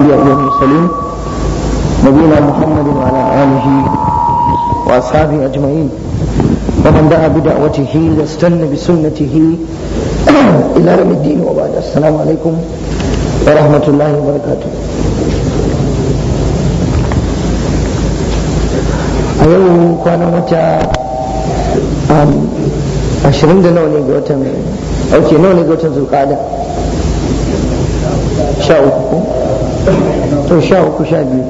الأنبياء والمرسلين نبينا محمد وعلى آله وأصحابه أجمعين ومن دعا بدعوته واستنى بسنته إلى يوم الدين وبعد السلام عليكم ورحمة الله وبركاته أيوه كان متى ashirin da nawa ne ga watan auke nawa ne ga watan zulkada sha uku to sha uku sha biyu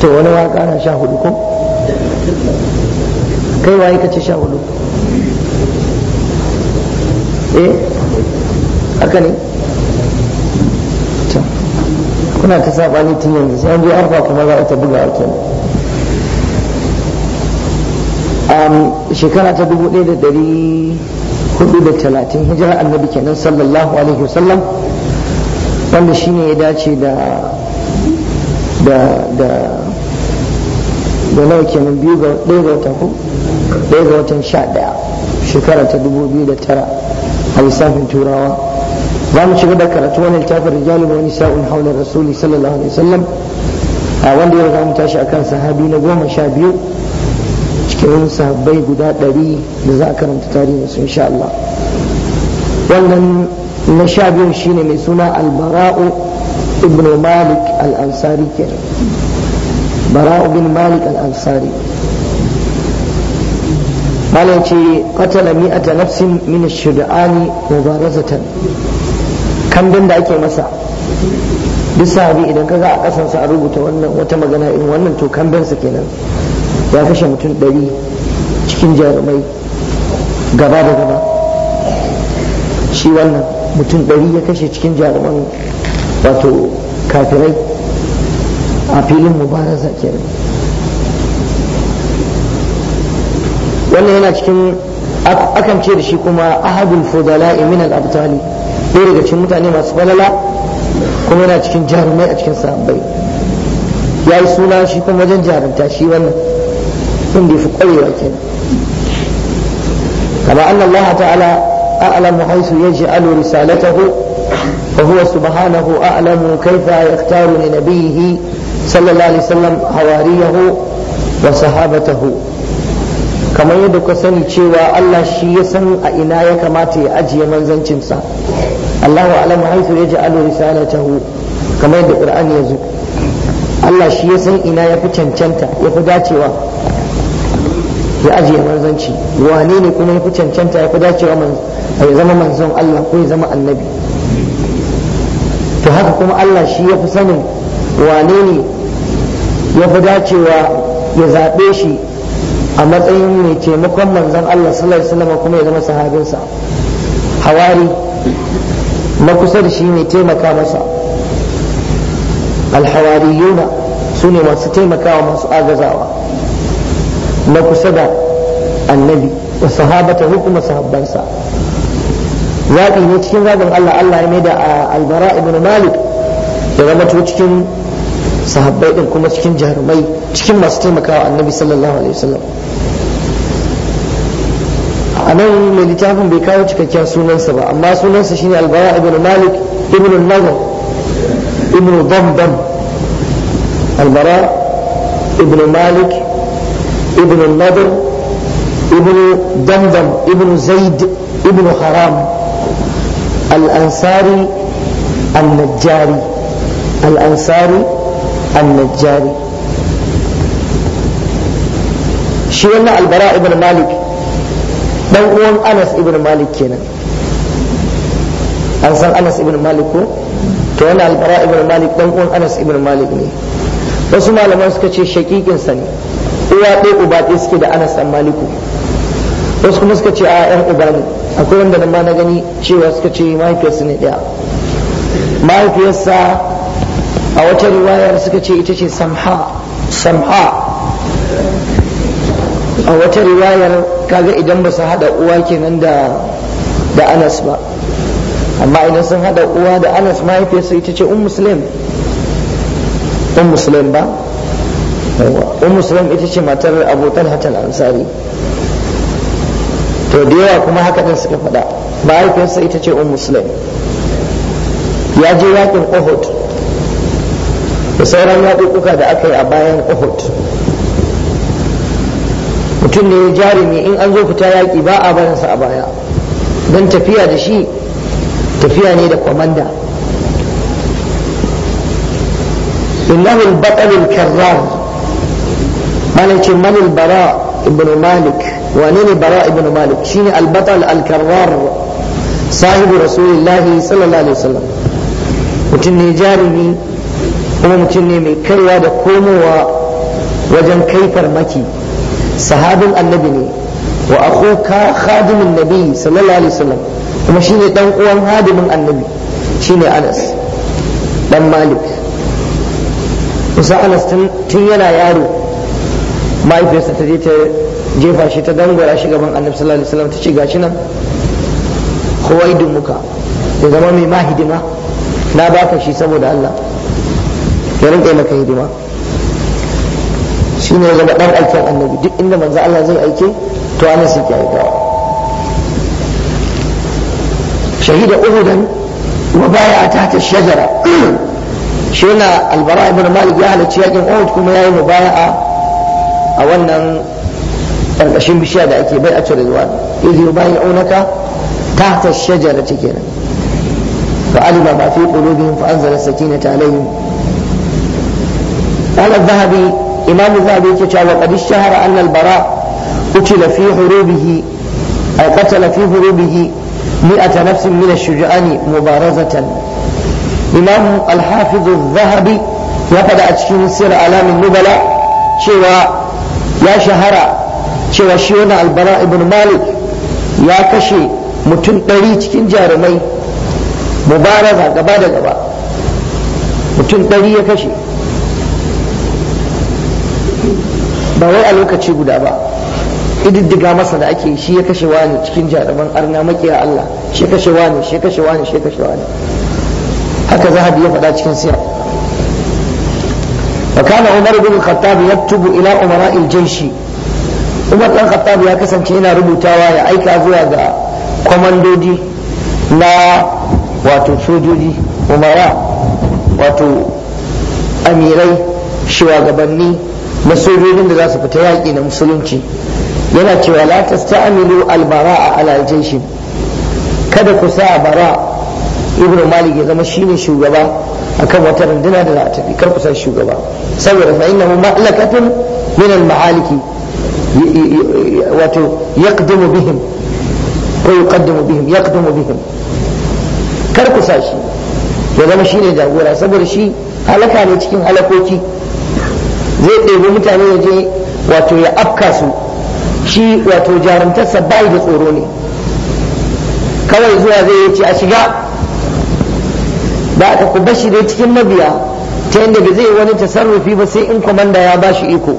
to wani waka na sha hudu ko kai waye ka ce sha hudu eh haka ne kuna ta ne tun yanzu sai an je arfa kuma za a ta buga ne. shekara ta dubu ɗaya da ɗari hudu da talatin hijira annabi kenan sallallahu alaihi wasallam wanda shi ne ya dace da da da da nawa kenan biyu ga ɗaya ga watan ku ɗaya ga watan sha ɗaya shekara ta dubu biyu da tara a lissafin turawa za mu shiga da karatu wani littafin rijalu wani sa'un haular rasuli sallallahu alaihi wasallam a wanda ya riga mu tashi akan sahabi na goma sha biyu cikin sahabbai guda ɗari da za a karanta tarihin sun insha Allah wannan na sha biyun shine mai suna albara'u ibn malik al ke bara'u bin malik al-ansari malam ce qatala mi'ata nafsin min ba shudani mubarazatan kambin da ake masa duk sahabi idan kaga a kasansa a rubuta wannan wata magana irin wannan to kambin kenan ya kashe mutum ɗari cikin jarumai gaba da gaba shi wannan mutum ɗari ya kashe cikin jaruman wato kafirai a filin mubaraza kenan wannan yana cikin akan ce da shi kuma ahadul fudala min al-abtali ɗaya daga cikin mutane masu falala kuma yana cikin jarumai a cikin sahabbai ya yi suna shi kuma wajen jarumta shi wannan inda ya fi kwarewa kenan kama annallahu Allah ta'ala أعلم حيث يجعل رسالته وهو سبحانه أعلم كيف يختار لنبيه صلى الله عليه وسلم حواريه وصحابته كما يدك سني cewa Allah shi ya san a ina ya kamata ya ajiye manzancinsa Allahu alam haythu yaj'alu risalatahu kamar yadda Qur'ani ya zo Allah shi ya ina ya fi cancanta ya fi dacewa ya ajiye manzanci wane ne kuma ya fi cancanta ya fi dacewa ya zama manzon Allah ko ya zama annabi to haka kuma Allah shi ya fi sanin wane ne ya fi dacewa ya zaɓe shi a matsayin mai taimakon manzon Allah sallallahu alaihi wasallam kuma ya zama sahabinsa hawari na kusa da shi mai taimaka masa alhawariyuna su ne masu taimakawa masu agazawa na kusa da annabi da sahabata kuma sahabbansa zaɓi ne cikin zaɓin Allah Allah ya maida albara ibn malik ya zama cikin sahabbai din kuma cikin jarumai cikin masu taimakawa annabi sallallahu alaihi wasallam a nan mai littafin bai kawo cikakken sunansa ba amma sunansa shine albara ibn malik ibn nazar ibn damdam albara ibn malik ابن النضر ابن دمدم ابن زيد ابن حرام الأنصاري النجاري الأنصاري النجاري shi wannan albara ibn malik dan uwan anas ibn malik kenan an san anas ibn malik ko to wannan albara ibn malik dan uwan anas ibn malik ne wasu malaman suka ce shakikin ne uwa ɗaya uba ɗaya suke da anas san maliku wasu kuma suka ce a yan uba ne akwai wanda nan ma na gani cewa suka ce mahaifiyarsu ne ɗaya mahaifiyarsa a wata riwayar suka ce ita ce samha samha a wata riwayar kaga idan ba su haɗa uwa kenan da da anas ba amma idan sun haɗa uwa da anas mahaifiyarsa ita ce un muslim un muslim ba yawa ummu sulaim ita ce matar abu talha al-ansari to da yawa kuma haka din suka faɗa mahaifiyarsa ita ce ummu sulaim ya je yakin uhud da sauran yaɗuɓɓuka da aka yi a bayan uhud mutum ne jarumi in an zo fita yaƙi ba a barinsa a baya don tafiya da shi tafiya ne da kwamanda innahu al-batal malam ce manil bara ibn malik wane ne bara ibn malik shine albatal alkarrar sahibu rasulullahi sallallahu alaihi wasallam mutum ne jarumi kuma mutum ne mai kaiwa da komowa wajen kai farmaki sahabin annabi ne wa akhuka khadimin nabi sallallahu alaihi wasallam kuma shine dan uwan hadimin annabi shine Anas dan Malik Musa Anas tun yana yaro mahaifiyarsa ta je ta jefa shi ta dangwara shi gaban annabi sallallahu alaihi wasallam ta ce gashi nan huwaidun muka ya zama mai ma hidima na baka shi saboda Allah ya rinka maka hidima Shi ne zama dan aikin annabi duk inda manzo Allah zai aike to ana sai aika shahida uhudan wa baya ta shajara shi na albara ibn malik ya halarci yakin uhud kuma yayi mubaya'a a wannan ƙarƙashin bishiya da ake bai a cire zuwa izi bayan aunaka ta ta shajara cike nan fa alima ma fi qulubihim fa anzala sakinata alaihim qala dhahabi imam zahabi yake cewa qad shahara anna bara qutila fi hurubihi ay qatala fi hurubihi mi'ata nafsin min ash-shuja'ani mubarazatan imam al-hafiz ya fada a cikin sir alamin nubala cewa ya shahara cewa shi wani albara ibn malik ya kashe mutum ɗari cikin jarumai mubaraza gaba da gaba mutum ɗari ya kashe ba wai a lokaci guda ba ididdiga masa da ake shi ya kashe wani cikin jaruman arna makiya Allah shi kashe wani shi kashe wani shi kashe wani haka zahabi ya faɗa cikin siyar فكان عمر بن الخطاب يكتب الى امراء الجيش عمر بن الخطاب يا كسن تينا يا ايكا زوا أزوا كوماندودي لا واتو سوجودي امراء واتو اميري شواغبني masojojin da za su fita yaƙi na musulunci yana cewa la ta tasta'milu albara'a ala aljaishi kada ku sa bara ibnu malik ya zama shine shugaba akan wata runduna da za a tafi kar kusan shugaba saboda fa innahu ma'lakatun min al-ma'aliki wato yaqdimu bihim ko yuqaddimu bihim yaqdimu bihim kar ku sashi ya zama shine jagora saboda shi halaka ne cikin halakoki zai ɗebi mutane ya je wato ya afka su shi wato jarumtarsa bai da tsoro ne kawai zuwa zai ce a shiga da aka ku bashi dai cikin mabiya ta yadda da zai wani tasarrufi ba sai in kwamanda ya ba shi iko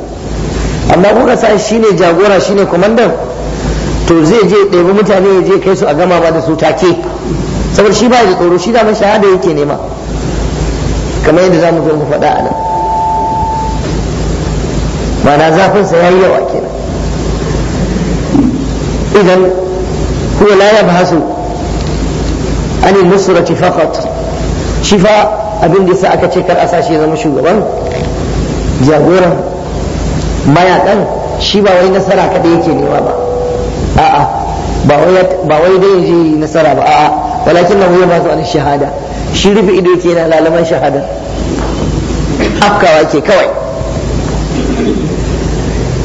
amma kuka sa shi ne jagora shi ne kwamandan to zai je ɗebi mutane ya je kai su a gama ba da su take saboda shi ba da tsoro shi daman shahada yake nema kamar yadda za mu zo mu faɗa a nan ma'ana zafinsa ya yi yawa kenan idan huwa ba su an nusrati faqat shi fa abin da yasa aka ce kar a shi ya zama shugaban jagoran mayakan shi ba wai nasara kada yake nema ba a'a ba wai dai yaje nasara ba a'a walakin nan ya ba ni shahada shi rufe ido yake yana lalaman shahada afkawa ke kawai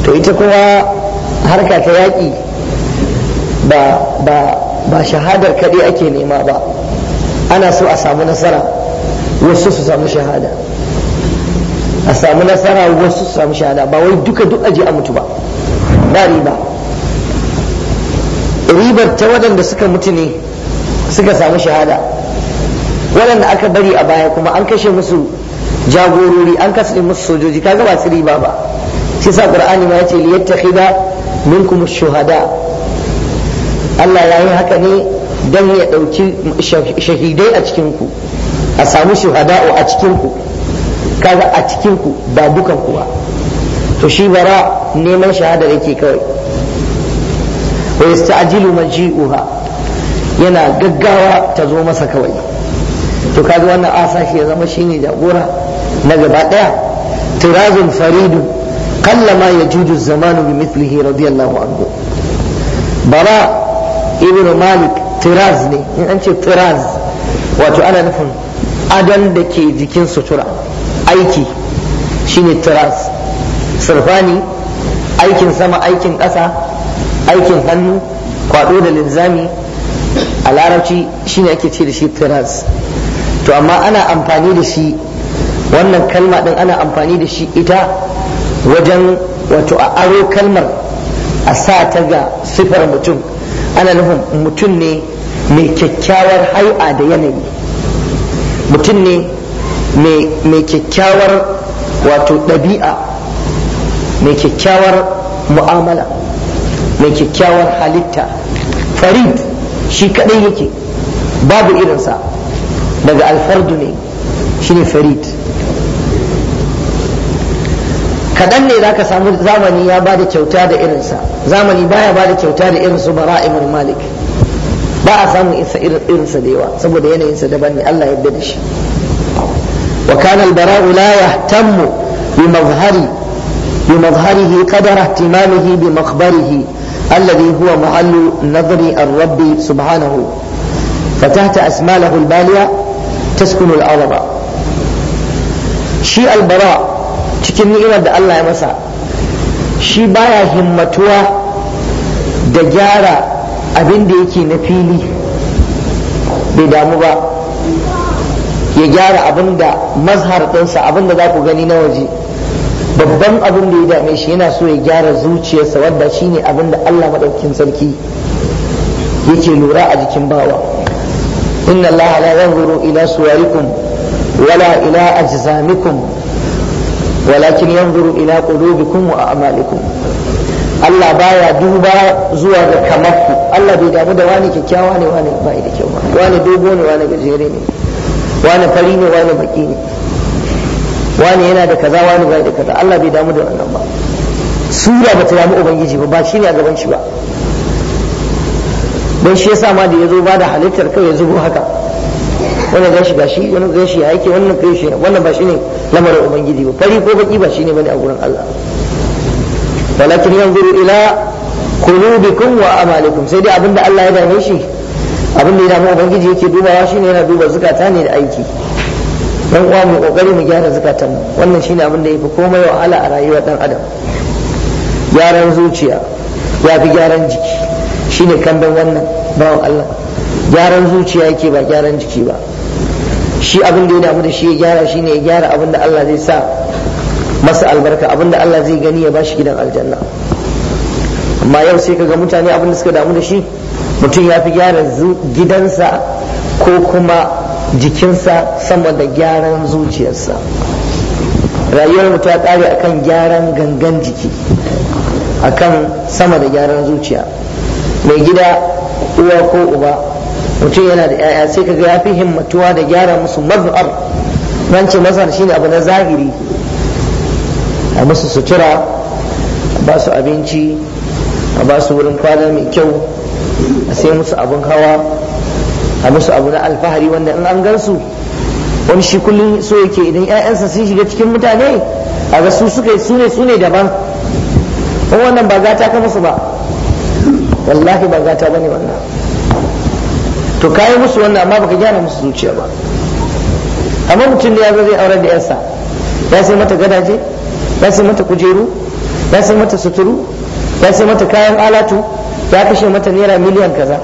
to ita kuma harka ta yaƙi ba ba ba shahadar kaɗai ake nema ba ana so a samu nasara wasu su samu shahada a samu nasara wasu su samu shahada ba wai duka duk aji a mutu ba ba riba ribar ta waɗanda suka mutu ne suka samu shahada waɗanda aka bari a baya kuma an kashe musu jagorori an kashe musu sojoji kaga ba su riba ba shi sa qur'ani ma yace liyattakhidha minkum shuhada Allah ya yi haka ne don ya ɗauki shahidai a cikinku a samu shuhada'u a cikinku kaga a cikinku ba dukan kuwa to shi bara neman shahada yake kawai wa yasta'jilu maji'uha yana gaggawa ta zo masa kawai to kaga wannan asashi ya zama shine jagora na gaba daya tirazun faridu qalla ma yajuju zamanu bi mithlihi radiyallahu anhu bara ibn malik tiraz ne in an ce tiraz wato ana nufin adon da ke jikin sutura aiki shine tiraz surfani aikin sama aikin ƙasa aikin hannu kwado da linzami a larabci shine ake ce da shi tiraz to amma ana amfani da shi wannan kalma din ana amfani da shi ita wajen wato a aro kalmar a sa ta ga siffar mutum ana nufin mutum ne mai kyakkyawar hai'a da yanayi mutum ne mai kyakkyawar wato ɗabi'a mai kyakkyawar mu'amala mai kyakkyawar halitta farid shi kaɗai yake babu irinsa daga alfardu ne shine farid kaɗan ne za ka samu zamani ya ba da kyauta da irinsa zamani baya ba da kyauta da irinsu bara ibn malik ba a samun isa irinsa da yawa saboda sa daban ne Allah ya da shi wa kana al-bara'u la yahtammu bi mazhari bi mazharihi qadara ihtimamihi bi maqbarihi alladhi huwa mahallu nadri ar-rabb subhanahu fatahta asmalahu al-baliya taskunu al shi al cikin ni'imar da Allah ya masa shi baya himmatuwa da gyara abin da yake na fili bai damu ba ya gyara abin da mazhar ɗinsa abin za ku gani na waje babban abin da ya dame shi yana so ya gyara zuciyarsa wadda shine abin da Allah maɗaukin sarki yake lura a jikin bawa inna Allah la yanzuru ila suwarikum wala ila ajzamikum walakin yanzuru ila qulubikum wa a'malikum Allah baya duba zuwa ga kamarku Allah bai damu da wani kyakkyawa ne wani bai da kyau ba wani dogo ne wani gajere ne wani fari ne wani baki ne wani yana da kaza wani bai da kaza Allah bai damu da wannan ba sura ba ta damu ubangiji ba ba shi ne a gaban shi ba don shi yasa ma da ya zo ba da halittar kai ya zubo haka wannan gashi gashi wannan gashi ya yake wannan kai shi wannan ba shi ne lamarin ubangiji ba fari ko baki ba shi ne bane a gurin Allah walakin yanzuru ila qulubikum wa amalikum sai dai abinda Allah ya dame shi abin da ya damu ubangiji yake dubawa shine yana duba zukata ne da aiki dan uwa mu kokari mu gyara zukatan mu wannan shine abin da yafi komai wahala a rayuwar dan adam gyaran zuciya ya fi gyaran jiki shine kandan wannan bawan Allah gyaran zuciya yake ba gyaran jiki ba shi abin da ya damu da shi ya gyara shine ya gyara abin da Allah zai sa masa albarka abinda Allah zai gani ya bashi gidan aljanna amma yau sai kaga mutane abinda suka damu da shi mutum ya fi gyara gidansa ko kuma jikinsa sama da gyaran zuciyarsa rayuwar mu ta kare akan gyaran gangan jiki akan sama da gyaran zuciya mai gida uwa ko uba mutum yana da 'ya'ya sai kaga ya fi himmatuwa da gyara musu mazu'ar nan ce shi shine abu na zahiri a musu sutura a ba su abinci a ba su wurin kwana mai kyau a sai musu abin hawa a musu abu na alfahari wanda in an gansu wani shi kullum so yake idan 'ya'yansa sun shiga cikin mutane a ga su suka su ne su ne daban wannan ba gata ka musu ba wallahi ba gata bane wannan to kayi musu wannan amma baka gyara musu zuciya ba amma mutum da ya zo zai aurar da yarsa ya sai mata gadaje ya sai mata kujeru ya sai mata suturu ya sai mata kayan alatu ya kashe mata naira miliyan kaza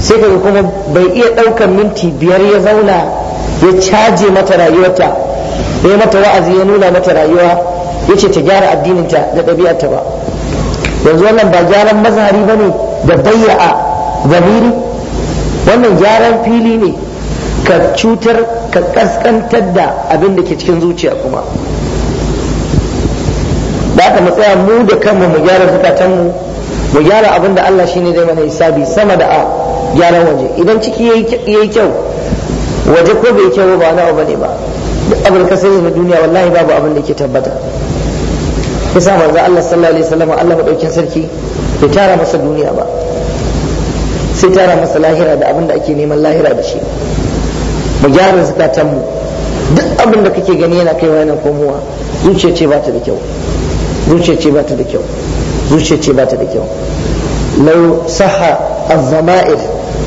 sai kaga kuma bai iya ɗaukar minti biyar ya zauna ya caje mata rayuwarta ya mata wa'azi ya nuna mata rayuwa ya ce ta gyara addininta da ɗabi'arta ba yanzu wannan ba gyaran mazari ba ne da a zamiri wannan gyaran fili ne ka cutar ka kaskantar da abin da ke cikin zuciya kuma da ka matsaya mu da kanmu mu gyara zukatanmu mu gyara abin da Allah shine zai mana hisabi sama da a gyaran waje idan ciki yayi kyau waje ko bai kyau ba na ne ba duk abin ka sani na duniya wallahi babu abin da ke tabbata kusa manzo Allah sallallahu alaihi wasallam Allah madaukin sarki bai tara masa duniya ba sai tara masa lahira da abin da ake neman lahira da shi mu gyara zukatanmu duk abin da kake gani yana kai wani komowa zuciya ce ba ta da kyau zuciya ce ba ta da kyau zuciya ce ba ta da kyau lau saha azzama'ir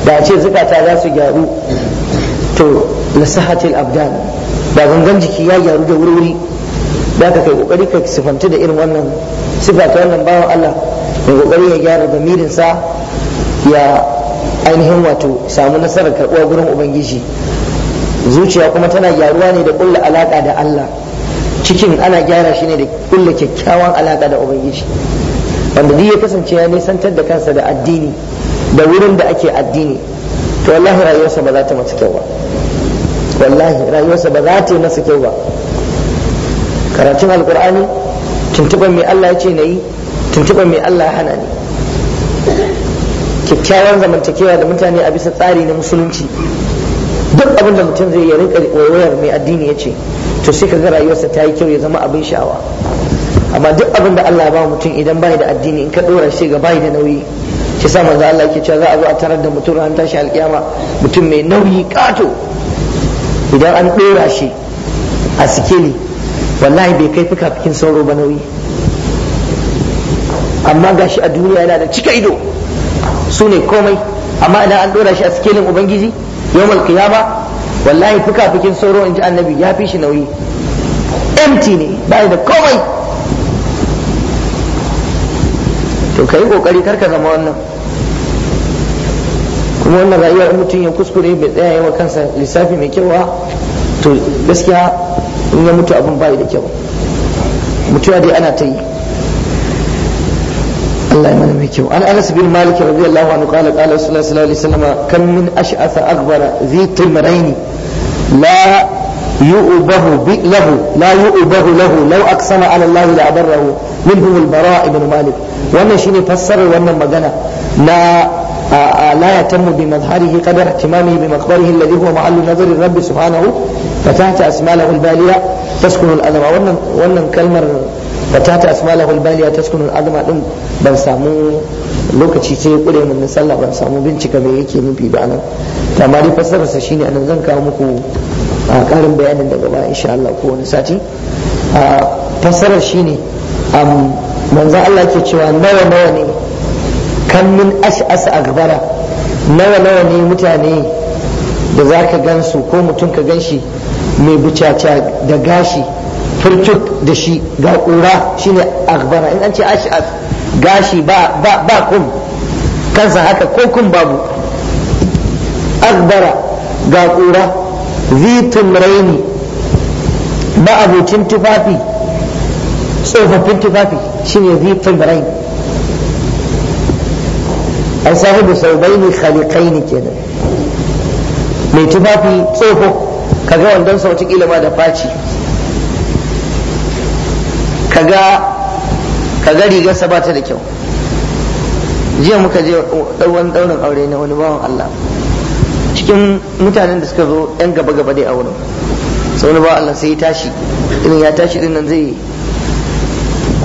da ce zukata za su gyaru to la sahatil abdan da gangan jiki ya gyaru da wuri da ka kai kokari ka sifanta da irin wannan sifa ta wannan bawan Allah mai kokari ya gyara sa ya ainihin wato samu nasarar karɓuwa gurin ubangiji zuciya kuma tana gyaruwa ne da kulla alaka da Allah cikin ana gyara shi ne da kulla kyakkyawan alaka da ubangiji wanda duk ya kasance ya nisantar da kansa da addini da wurin da ake addini to wallahi rayuwarsa ba za ta masa kyau ba wallahi rayuwarsa ba za ta masa kyau ba karatun alkur'ani tuntuban mai Allah ya ce na yi tuntuban mai Allah ya hana ni kyakkyawan zamantakewa da mutane a bisa tsari na musulunci duk abin da mutum zai yi rinka wayar mai addini ya ce to sai ka ga rayuwarsa ta yi kyau ya zama abin sha'awa amma duk abin da Allah ba mutum idan bai da addini in ka dora shi ga bai da nauyi ki sa manzo Allah yake cewa za a zo a tarar da mutum ran tashi alkiyama mutum mai nauyi kato idan an dora shi a sikeli wallahi bai kai fuka fikin sauro ba nauyi amma gashi a duniya yana da cika ido su ne komai amma idan an dora shi a sikelin ubangiji yawmal qiyama wallahi fukafukin sauro in ji annabi ya fi shi nauyi empty ne bai da komai to kai kokari kar ka zama wannan kuma wannan rayuwar mutum ya kuskure bai tsaya yawa kansa lissafi mai kyau to gaskiya in ya mutu abin bai da kyau mutuwa dai ana ta yi Allah ya mana mai kyau an Anas bin Malik radiyallahu anhu qala qala Rasulullah sallallahu alaihi wasallam kam min ash'atha akbara zi timrayn la yu'bahu bi lahu la yu'bahu lahu law aqsama ala Allah la abarrahu minhum al-bara' ibn Malik wannan shine fassarar wannan magana na لا يتم بمظهره قدر اهتمامه بمقبره الذي هو محل نظر الرب سبحانه فتحت أسماله البالية تسكن الأذى wannan wannan kalmar fatata asmalahu albaliya taskunu al'azma din ban samu lokaci sai kure mun na sallah ban samu bincika me yake nufi ba nan to amma dai sa shine anan zan kawo muku karin bayanin daga gaba insha Allah ko wani sati a fassarar shine am manzo Allah ke cewa nawa nawa ne kan min ash'as agbara nawa nawa ne mutane da zaka gansu ko mutum ka ganshi mai bucaca da gashi furcuk da shi ga ƙura shine akbara in an ce ash'af gashi ba ba ba kun kansa haka ko kun babu akbara ga ƙura zitun raini ba abocin tufafi tsofaffin tufafi shine zitun raini an da sau bai ne khalikai ne kenan mai tufafi tsofaffi kaga wandon sau cikin ilima da faci kaga rigarsa ba ta da kyau jiya muka je wani daurin aure na wani bawan Allah cikin mutanen da suka zo yan gaba gaba dai a wurin sai wani bawan Allah sai ya tashi irin ya tashi din nan zai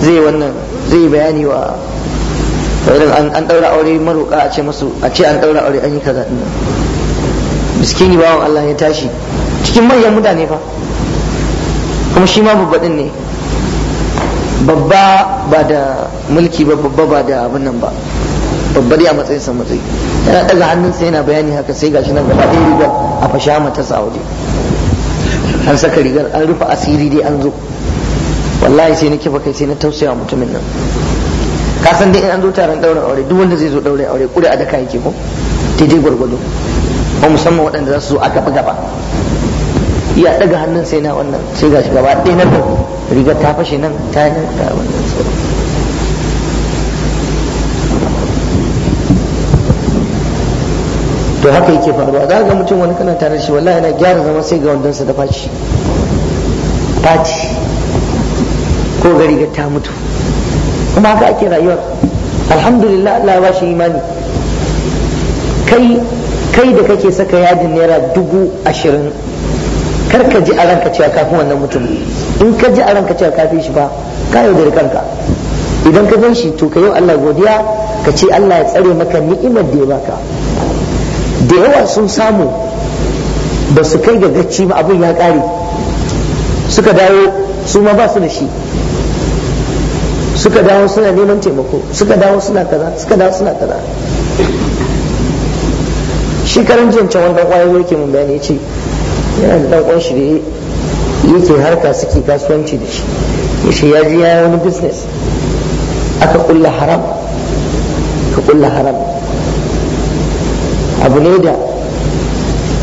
zai wannan zai bayani wa irin an daura aure maroƙa a ce masu a ce an daura aure an yi kaza din biskini bawan Allah ya tashi cikin manyan mutane fa kuma shi ma ɗin ne babba ba da mulki ba babba ba da abin nan ba babba dai a matsayin sa matsayi yana daga sa yana bayani haka sai gashi nan gaba ɗaya rigar a fasha mata sa an saka rigar an rufe asiri dai an zo wallahi sai na kifa kai sai na tausaya mutumin nan ka san dai in an zo taron daura aure duk wanda zai zo daura aure kuda a daka yake ko daidai gwargwado ba musamman waɗanda za su zo a gaba gaba ya daga hannun sai na wannan sai gashi gaba ɗaya na nan riga ta fashe nan ta yi ta wannan to haka yake faruwa za ga mutum wani kana tare shi wallahi yana gyara zama sai ga sa da faci faci ko ga rigar ta mutu kuma haka ake rayuwar alhamdulillah Allah ya bashi imani kai kai da kake saka yadin naira dubu ashirin kar ka ji a ranka cewa kafin wannan mutum in ka ji a ranka cewa kafin shi ba ka yaudari kanka idan ka gan shi to ka yi Allah godiya ka ce Allah ya tsare maka ni'imar da ya baka da yawa sun samu ba su kai ga gacci ba abin ya kare suka dawo su ma ba su da shi suka dawo suna neman taimako suka dawo suna kaza suka dawo suna kaza shi karan jiyan wanda kwayoyi yake mun bayani ya ce yana da ɗan shi da yake harka suke kasuwanci da shi ya ce ya ji ya wani business aka kulla haram ka kulla haram abu ne da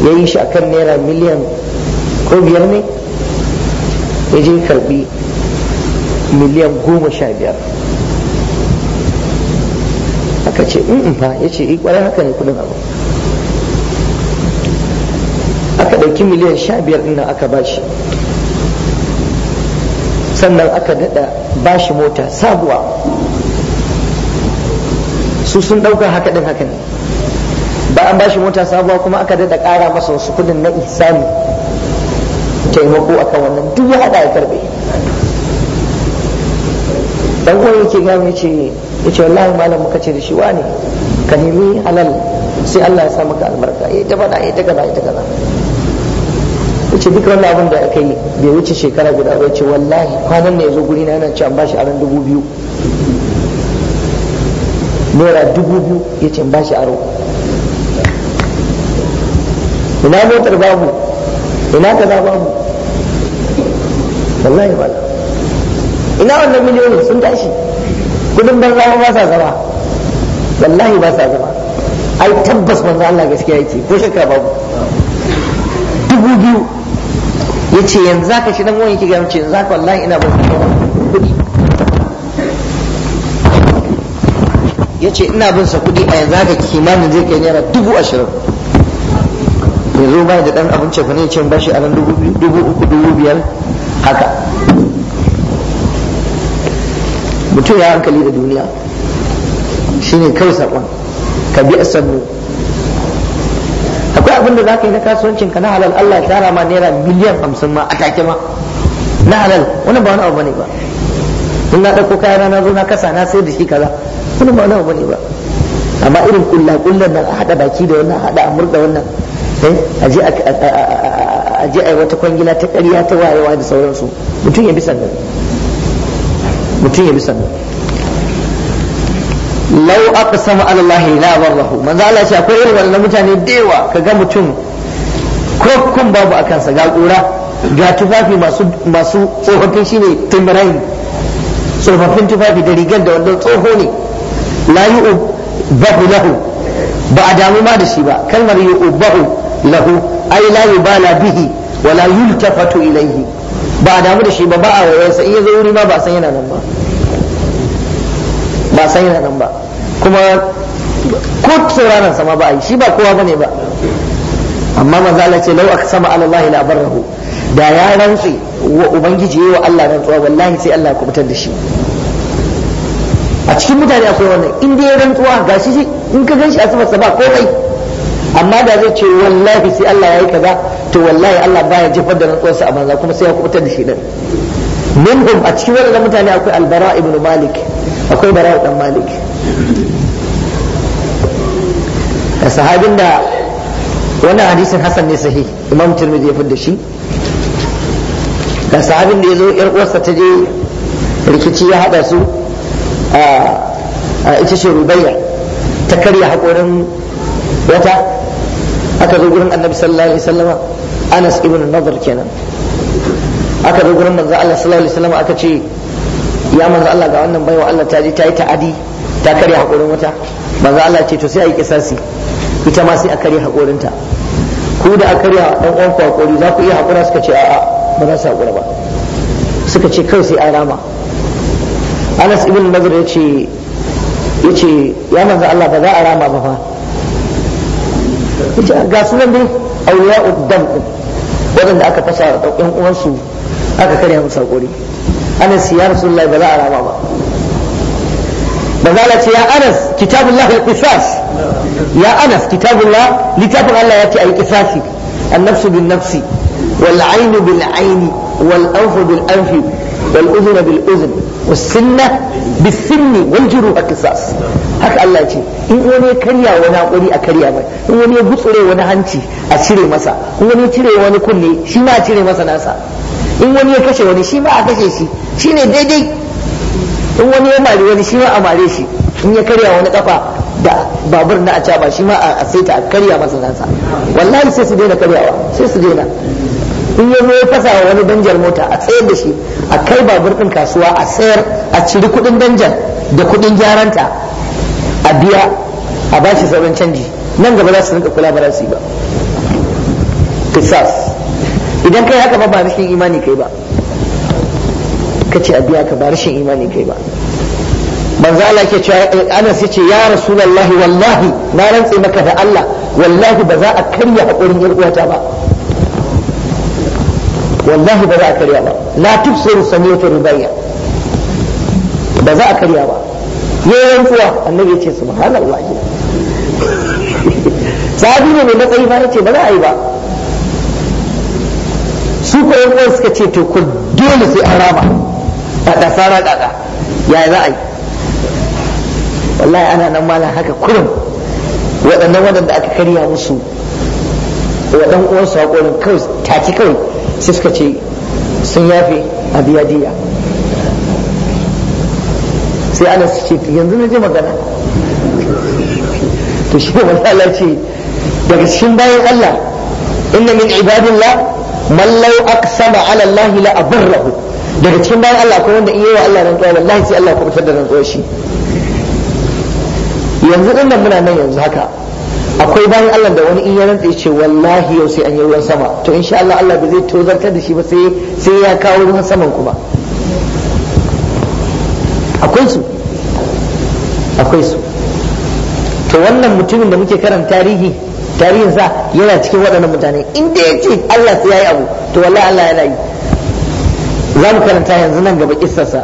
ya yi shi akan naira miliyan ko biyar ne ya je karbi miliyan goma sha biyar aka ce in fa ya ce kwarai eh, haka ne kudin abu ɗauki miliyan sha biyar ɗin aka bashi sannan aka daɗa bashi mota sabuwa su sun ɗauka haka ɗin haka ne ba an bashi mota sabuwa kuma aka daɗa ƙara masa wasu kudin na isani taimako akan wannan duk ya haɗa ya karɓe dan uwan yake gami ya ce wallahi malam muka ce da shi ne, ka nemi halal sai Allah ya sa maka albarka eh ta fada eh ta kaza eh ta gaba eh, ce duk wannan abin da aka yi bai wuce shekara guda ba ce wallahi kwanan ne ya zo guri na yana ce an bashi aron dubu biyu naira dubu biyu ya ce bashi aro ina motar babu ina kaza babu wallahi ba ina wannan miliyoyin sun tashi kudin banza ba sa zama wallahi ba sa zama ai tabbas manzo Allah gaskiya yake ko shakka babu dubu biyu yace yanzu zaka shi nan wani kiga mace yanzu ka wallahi ina ba kuɗi yace ina bin sa kuɗi a yanzu haka kimanin zai kai naira dubu ashirin ya zo ba da dan abinci fa ne ce bashi a nan dubu uku dubu biyar haka mutum ya hankali da duniya shine kawai saƙon ka bi asanmu akwai abin da za ka yi na kasuwancin ka na halal Allah ya tara ma naira miliyan hamsin ma a take ma na halal wani ba wani abu bane ba in na ɗauko kayana na zo na kasa na sai da shi kaza wani ba wani abu bane ba amma irin kulla kullan nan a haɗa baki da wannan haɗa a murɗa wannan eh, a je a je wata kwangila ta ƙarya ta wayewa da sauransu mutum ya bi sannan mutum ya bi sannan lau aka sama alallahi la barrahu manzo Allah ce akwai irin wannan mutane da yawa kaga mutum ko babu a kansa ga kura ga tufafi masu masu tsofaffin shine timrain tsofaffin tufafi da rigar da wannan tsoho ne la yu'bahu lahu ba a damu ma da shi ba kalmar yu'bahu lahu ai la yubala bihi wala yultafatu ilayhi ba a damu da shi ba ba a wayansa in ya wuri ma ba san yana nan ba ba san yana nan ba kuma ko sauraron sama ba yi shi ba kowa bane ba amma mazala ce lau aka sama alallahi la barrahu da ya rantsi wa ubangiji yi wa Allah rantsuwa wallahi sai Allah ya kubutar da shi a cikin mutane akwai wannan in dai ya rantsuwa ga shi in ka ganshi a sama ba komai amma da zai ce wallahi sai Allah ya yi kaza to wallahi Allah baya jefar da rantsuwarsa a banza kuma sai ya kubutar da shi din minhum a cikin wadanda mutane akwai albara ibn malik akwai bara dan malik da sahabin da wannan hadisin hasan ne sahih imam tirmidhi ya da shi da sahabin da ya zo yar uwarsa ta je rikici ya hada su a ita ce rubayya ta karya hakorin wata aka zo gurin annabi sallallahu alaihi wasallama anas ibn nadar kenan aka zo gurin manzo Allah sallallahu alaihi wasallam aka ce ya manzo Allah ga wannan baiwa Allah ta je ta yi ta'adi ta karya hakorin wata manzo Allah ce to sai a yi kisasi ita ma sai a karya ta ku da a karya dan uwan ku hakori za ku iya hakura suka ce a'a ba za su hakura ba suka ce kai sai a rama Anas ibn Nadr yace yace ya manzo Allah ba za a rama ba fa ga sunan dai awliya'ud dam wadanda aka fasa da ɗan uwansu aka karya musu hakuri anas ya rasulullahi ba za a rama ba manzo Allah ce ya anas kitabullah al ya anas kitabullah Allah ya ce ayi qisasi an-nafsu bin-nafsi والأذن بالأذن والسنة بالسن والجروح قصاص haka Allah ce in wani hakuri a karya mai in ya gutsure wani hanci a cire masa in cire wani kunne shi ma cire masa nasa in wani ya kashe wani shi ma a kashe shi shine daidai in wani ya mari wani shi ma a mare shi in ya karya wani kafa da babur na a caba shi ma a saita a karya masa kansa wallahi sai su daina karyawa sai su daina in ya zo ya fasa wa wani danjar mota a tsayar da shi a kai babur din kasuwa a sayar a ciri kudin danjar da kudin gyaranta a biya a ba shi sauran canji nan gaba za su rinka kula ba za su yi ba Pisas. idan kai haka ba ba rashin imani kai ba kace a biya ka ba rashin imani kai ba manzo Allah ke cewa Anas yace ya Rasulullah wallahi na rantse maka da Allah wallahi ba za a karya hakurin yar uwata ba wallahi ba za a karya ba la tufsiru samiyatu rubayya ba za a karya ba yayin rantsuwa annabi yace subhanallahi sahabi ne mai matsayi ba ce ba za a yi ba su ko yan uwan suka ce to ku dole sai an rama a sara daga ya za a yi wallahi ana nan mala haka kurum waɗannan waɗanda aka karya musu wa ɗan su haƙorin kawai ci kawai sai suka ce sun yafe a biya diya sai ana su ce yanzu na ji magana to shi ne wani Allah ce daga cikin bayan Allah inna min ibadillah mallau aqsama ala Allah la abarrahu daga cikin bayan Allah akwai wanda iya wa Allah rantsuwa wallahi sai Allah ya kubutar da rantsuwar shi yanzu din nan muna nan yanzu haka akwai bayan Allah da wani iya ya rantsa ya ce wallahi yau sai an yi ruwan sama to insha Allah Allah ba zai tozartar da shi ba sai sai ya kawo ruwan saman kuma akwai su akwai su to wannan mutumin da muke karanta tarihi tarihin sa yana cikin waɗannan mutane in da yace Allah ya yi abu to wallahi Allah yana yi za mu karanta yanzu nan gaba kissarsa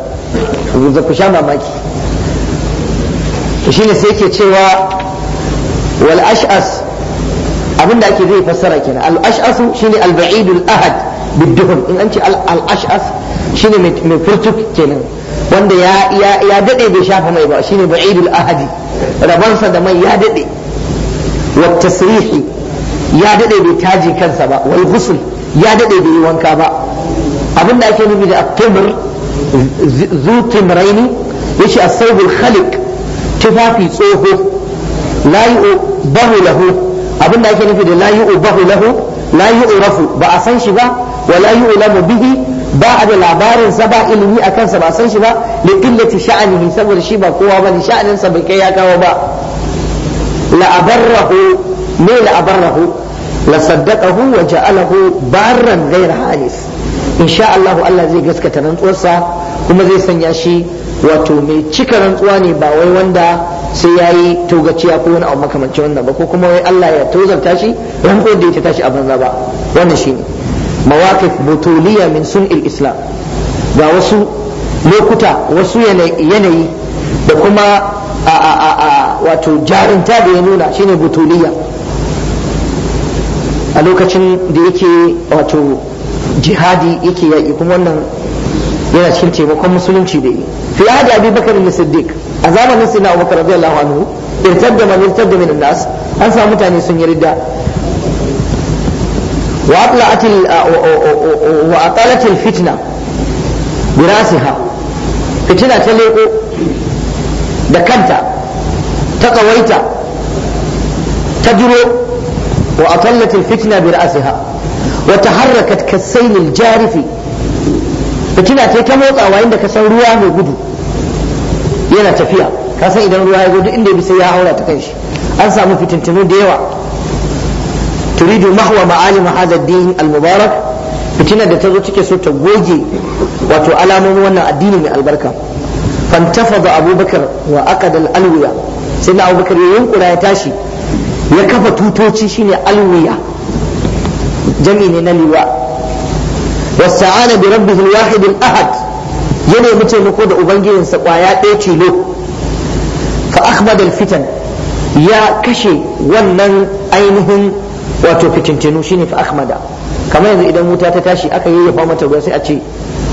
za ku sha mamaki to shine sai yake cewa wal ash'as abinda ake zai fassara kenan al ash'asu shine al ba'idul ahad bidduhun in an ce al ash'as shine mai furtuk kenan wanda ya ya dade bai shafa mai ba shine ba'idul ahadi rabansa da mai ya dade wa tasrihi ya dade bai taji kansa ba wal ghusl ya dade bai yi wanka ba abin da ake nufi da at-timr zu timraini yace as-sawbul tufafi tsoho la yu'bahu lahu abin da ake nufi da la yu'bahu lahu la yu'rafu ba a san shi ba wa la yu'lamu bihi ba a da labarin ba ilimi a kansa ba san shi ba li qillati sha'anihi saboda shi ba kowa bane sha'anin sa bai kai ya kawo ba لأبره ليه لأبره لصدقه وجعله بارا غير halis insha شاء allah zai gaskata rantsuwar sa kuma zai sanya shi wato mai cika rantsuwa ne ba wai wanda sai ya yi togaciya ko wani abu makamancin wannan ba ko kuma wai Allah ya tozarta shi ko da ya tashi a banza ba wannan shine mawaqif butuliya min sun'il islam ga wasu lokuta wasu yanayi da kuma a wato jarinta da ya nuna shine butuliya a lokacin da yake wato jihadi yake yaƙi kuma wannan yana cikin taimakon musulunci da yi fi ya abi bakar ibn siddiq a zamanin sayyidina abubakar radiyallahu anhu irtadda man irtadda min nas an samu mutane sun yi ridda wa a wa fitina al fitna birasiha fitina ta leƙo, da kanta ta kawaita ta duro wa akallatil fitna bi ra'siha wa taharrakat kasailil jarifi fitina ce ta motsawa inda ka san ruwa mai gudu yana tafiya kasan idan ruwa ya gudu inda bisa ya haura ta kai shi an samu fitintunu da yawa turidu mahwa ma'alim hadha ad-din al-mubarak fitinar da ta zo take so ta goge wato alamomin wannan addini mai albarka fantafaza abubakar wa aqada al-alwiya sai na abubakar ya yunkura ya tashi ya kafa tutoci shine alwiya jami ne na liwa wasta'ana bi rabbihi al-wahid ahad ya nemi taimako da ubangijinsa kwaya ɗaya tilo fa akhmad fitan ya kashe wannan ainihin wato fitintinu shine fa akhmada kamar yanzu idan wuta ta tashi aka yi yafa mata ruwa sai a ce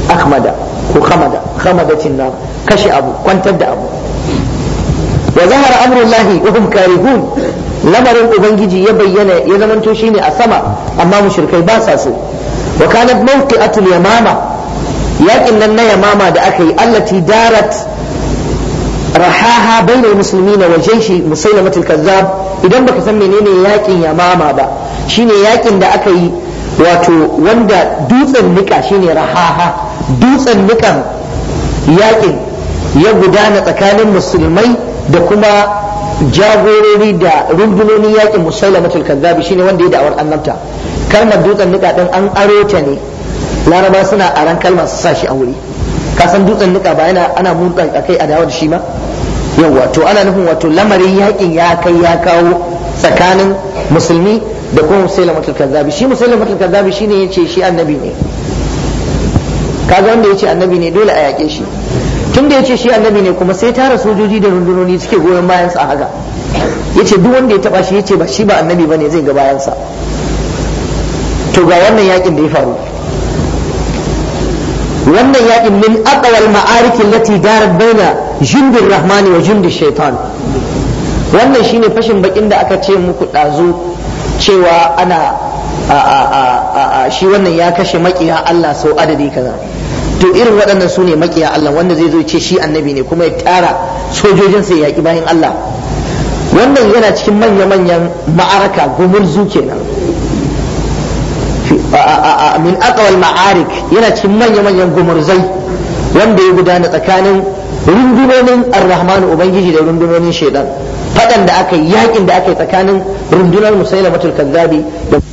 akhmada ko khamada khamada nar kashe abu kwantar da abu wa zahara amrullahi wa hum lamarin ubangiji ya bayyana ya zamanto shine a sama amma mushrikai basa sa so wa kanat mawqi'atul yamama yaƙin nan na yamama da aka yi allati darat rahaha bainal muslimina wa jaishi musailamatul kazzab idan baka san menene yakin yamama ba shine yaƙin da aka yi wato wanda dutsen nika shine rahaha dutsen nikan yakin ya gudana tsakanin musulmai da kuma jagorori da rundunonin yakin musailamatul kazzabi shine wanda ya da'awar annabta kalmar dutsen nika din an aro ta ne laraba suna aran kalmar su sa shi a wuri ka san dutsen nika ba yana ana murɗa a kai a dawo da shi ma yawa to ana nufin wato lamarin yakin ya kai ya kawo tsakanin musulmi da kuma musaila musailamatul kazzabi shi musaila musailamatul kazzabi shine yace shi annabi ne kaga wanda yace annabi ne dole a yake shi tun da ya ce shi annabi ne kuma sai tara sojoji da rundunoni suke goyon bayansa a haka ya ce duk wanda ya taba shi ya ce ba shi ba annabi ba ne zai ga bayansa to ga wannan yakin da ya faru wannan yakin min aqwal ma'arik allati darat baina jundir rahmani wa jundir shaitan wannan shine fashin bakin da aka ce muku dazu cewa ana a a a shi wannan ya kashe makiya Allah sau adadi kaza to irin waɗannan su ne makiya Allah wanda zai zo ce shi annabi ne kuma ya tara sojojin sai yaƙi bayan Allah wannan yana cikin manya-manyan ma'araka gumurzu kenan min aqwal ma'arik yana cikin manya-manyan gumurzai wanda ya gudana tsakanin rundunonin ar-rahman ubangiji da rundunonin shaidan fadan da aka yi yakin da aka yi tsakanin rundunar musailamatul kazzabi da